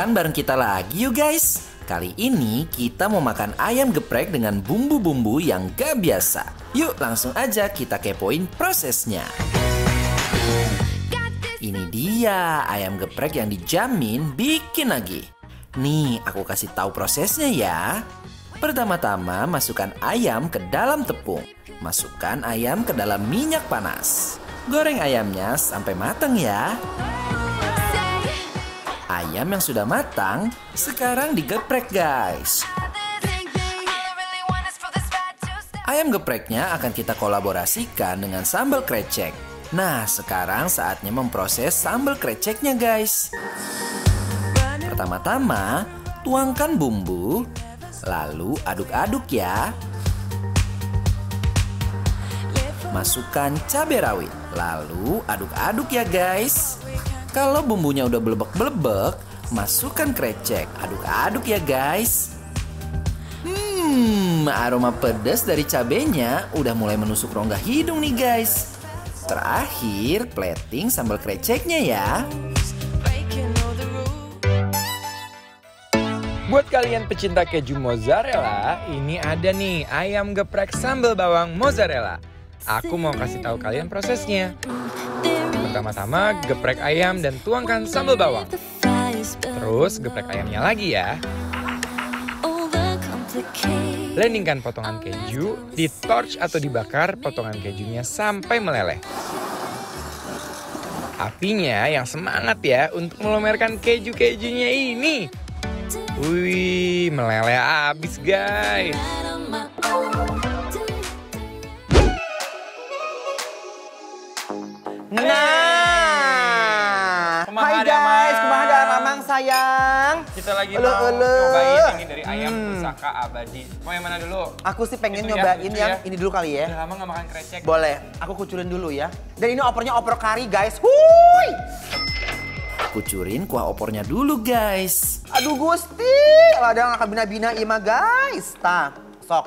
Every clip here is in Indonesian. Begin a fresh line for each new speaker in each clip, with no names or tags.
makan bareng kita lagi yuk guys. Kali ini kita mau makan ayam geprek dengan bumbu-bumbu yang gak biasa. Yuk langsung aja kita kepoin prosesnya. Ini dia ayam geprek yang dijamin bikin lagi. Nih aku kasih tahu prosesnya ya. Pertama-tama masukkan ayam ke dalam tepung. Masukkan ayam ke dalam minyak panas. Goreng ayamnya sampai matang ya. Ayam yang sudah matang sekarang digeprek guys. Ayam gepreknya akan kita kolaborasikan dengan sambal krecek. Nah, sekarang saatnya memproses sambal kreceknya guys. Pertama-tama, tuangkan bumbu, lalu aduk-aduk ya. Masukkan cabai rawit, lalu aduk-aduk ya guys. Kalau bumbunya udah belebek-belebek, masukkan krecek. Aduk-aduk ya guys. Hmm, aroma pedas dari cabenya udah mulai menusuk rongga hidung nih guys. Terakhir,
plating sambal kreceknya ya. Buat kalian pecinta keju mozzarella, ini ada nih ayam geprek sambal bawang mozzarella. Aku mau kasih tahu kalian prosesnya. Pertama-tama geprek ayam dan tuangkan sambal bawang. Terus geprek ayamnya lagi ya. Landingkan potongan keju, di torch atau dibakar potongan kejunya sampai meleleh. Apinya yang semangat ya untuk melomerkan keju-kejunya ini. Wih, meleleh abis guys.
Nah. sayang. Kita lagi ulu, mau nyobain ini dari ayam hmm. pusaka
abadi. Mau yang mana dulu? Aku
sih pengen itu ya, nyobain ya, yang ya. ini dulu kali ya. Udah lama gak makan krecek. Boleh, aku kucurin dulu ya. Dan ini opornya opor kari guys. Hui!
Kucurin kuah opornya dulu
guys. Aduh gusti, yang akan bina-bina ima iya guys. Tah, sok.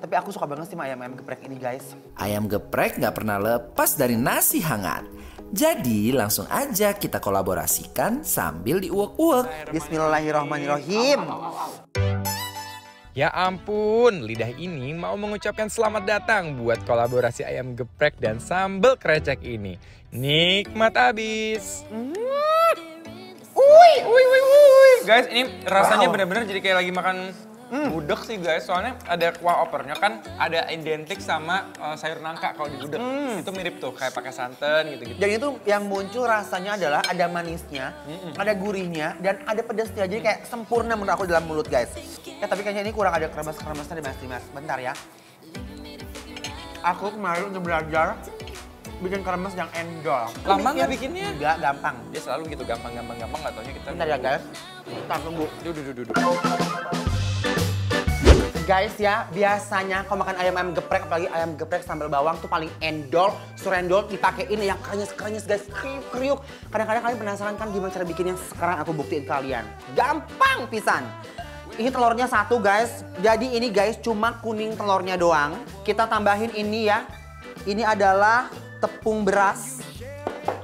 Tapi aku suka banget sih sama ayam-ayam geprek ini guys.
Ayam geprek nggak pernah lepas dari nasi hangat. Jadi langsung aja kita kolaborasikan sambil diuak-uak.
Bismillahirrahmanirrahim. Ya ampun, lidah ini mau mengucapkan selamat datang buat kolaborasi ayam geprek dan sambal krecek ini. Nikmat abis. Uy, mm. uy, uy, uy. Guys, ini rasanya wow. benar-benar jadi kayak lagi makan Hmm. Gudeg sih guys, soalnya ada kuah opernya kan ada identik sama uh, sayur nangka kalau di gudeg. Hmm. Itu mirip tuh, kayak pakai santan gitu-gitu. Jadi
itu yang muncul rasanya adalah ada manisnya, hmm. ada gurihnya, dan ada pedasnya. Jadi kayak sempurna menurut aku dalam mulut guys. Ya tapi kayaknya ini kurang ada kremes-kremesnya di mas Dimas. Bentar ya. Aku kemarin udah belajar bikin kremes
yang endol. Lama nggak bikinnya? Enggak, gampang. Dia selalu gitu, gampang-gampang-gampang, nggak taunya kita... Bentar ya guys, kita tunggu. Duh, duh, duh, duh
guys ya, biasanya kalau makan ayam ayam geprek apalagi ayam geprek sambal bawang tuh paling endol, surendol ini yang krenyes-krenyes guys, kriuk-kriuk. Kadang-kadang kalian penasaran kan gimana cara bikinnya? Sekarang aku buktiin kalian. Gampang pisan. Ini telurnya satu guys. Jadi ini guys cuma kuning telurnya doang. Kita tambahin ini ya. Ini adalah tepung beras.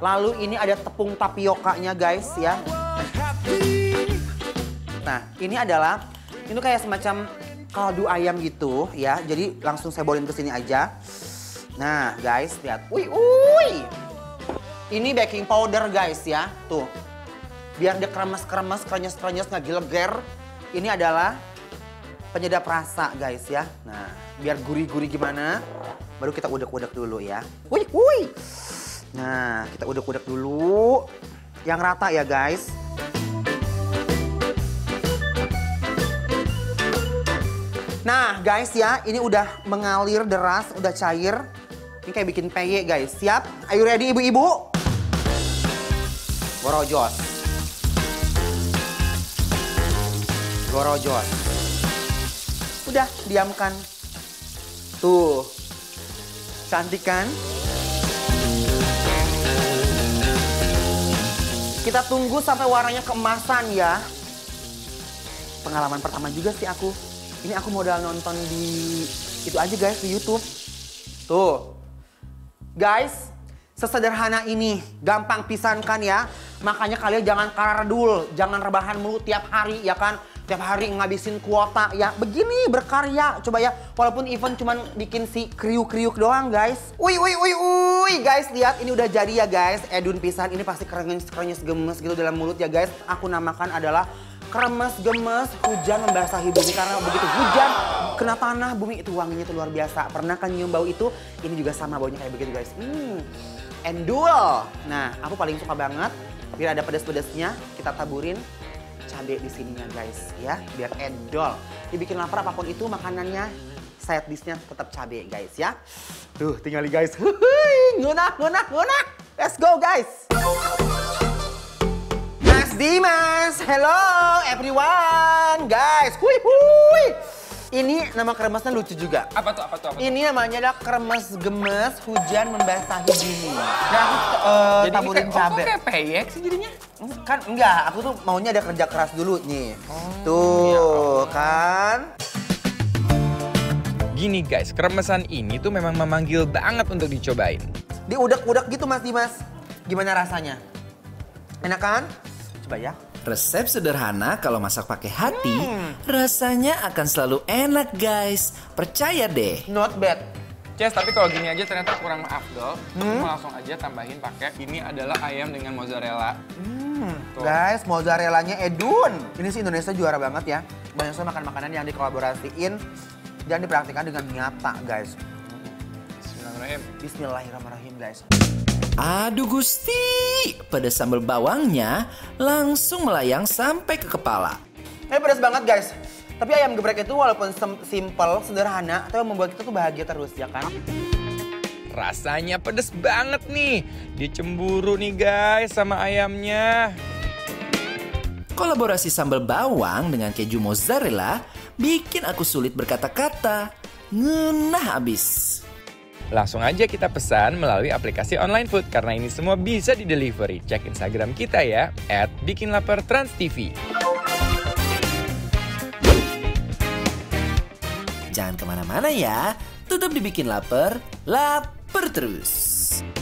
Lalu ini ada tepung tapiokanya guys ya. Nah, ini adalah ini kayak semacam kaldu ayam gitu ya. Jadi langsung saya bolin ke sini aja. Nah, guys, lihat. Wih,
wih.
Ini baking powder, guys ya. Tuh. Biar dia kremes-kremes, krenyes-krenyes, nggak gileger. Ini adalah penyedap rasa, guys ya. Nah, biar gurih-gurih gimana, baru kita udek-udek dulu ya. Wih, wih. Nah, kita udek-udek dulu. Yang rata ya, guys. Nah guys ya, ini udah mengalir deras, udah cair. Ini kayak bikin peye guys. Siap? Ayo ready ibu-ibu? Gorojos. Gorojos. Udah, diamkan. Tuh. Cantik kan? Kita tunggu sampai warnanya keemasan ya. Pengalaman pertama juga sih aku ini aku modal nonton di itu aja guys di YouTube. Tuh. Guys, sesederhana ini, gampang pisankan ya. Makanya kalian jangan karadul, jangan rebahan mulu tiap hari ya kan. Tiap hari ngabisin kuota ya. Begini berkarya coba ya. Walaupun event cuman bikin si kriuk-kriuk doang guys. Uy uy uy uy guys, lihat ini udah jadi ya guys. Edun pisan ini pasti kerenyes-kerenyes gemes gitu dalam mulut ya guys. Aku namakan adalah kremes, gemes, hujan membasahi bumi. Karena begitu hujan, kena tanah, bumi itu wanginya itu luar biasa. Pernah kan nyium bau itu? Ini juga sama baunya kayak begitu guys. Hmm, endul. Nah, aku paling suka banget. Biar ada pedes-pedesnya, kita taburin cabai di sininya guys ya. Biar endol. Dibikin lapar apapun itu makanannya side dishnya tetap cabai guys ya. Tuh tinggal guys. Ngunak, ngunak, ngunak. Let's go guys. Dimas, hello everyone, guys. Hui hui. Ini nama kremesnya lucu juga.
Apa tuh? Apa tuh? Apa tuh?
Ini namanya adalah kremes gemes hujan membasahi bumi. Nah,
uh, jadi taburin kayak, cabai. kayak peyek sih jadinya?
Kan enggak, aku tuh maunya ada kerja
keras dulu nih. Hmm, tuh, ya kan? Gini guys, kremesan ini tuh memang memanggil banget untuk dicobain. Diudak-udak
gitu Mas Dimas. Gimana rasanya? Enak kan?
ya. Resep
sederhana kalau masak pakai hati, hmm. rasanya akan selalu enak guys. Percaya deh. Not bad.
Yes, tapi kalau gini aja ternyata kurang afdol. Hmm? Aku langsung aja tambahin pakai ini adalah ayam dengan mozzarella.
Hmm. Tuh. Guys, mozzarellanya edun. Ini sih Indonesia juara banget ya. Banyak sekali makan-makanan yang dikolaborasiin dan dipraktikkan dengan nyata, guys. Bismillahirrahmanirrahim. Bismillahirrahmanirrahim, guys.
Aduh Gusti, pedas sambal bawangnya langsung melayang sampai
ke kepala.
Eh pedas banget guys. Tapi ayam geprek itu walaupun simple, sederhana, tapi membuat kita tuh bahagia terus ya kan?
Rasanya pedes banget nih. Dicemburu nih guys sama ayamnya.
Kolaborasi sambal bawang dengan keju mozzarella bikin aku sulit berkata-kata.
Ngenah abis. Langsung aja kita pesan melalui aplikasi online food karena ini semua bisa di delivery. Cek Instagram kita ya, at Bikin
Jangan kemana-mana ya, tetap dibikin lapar, lapar terus.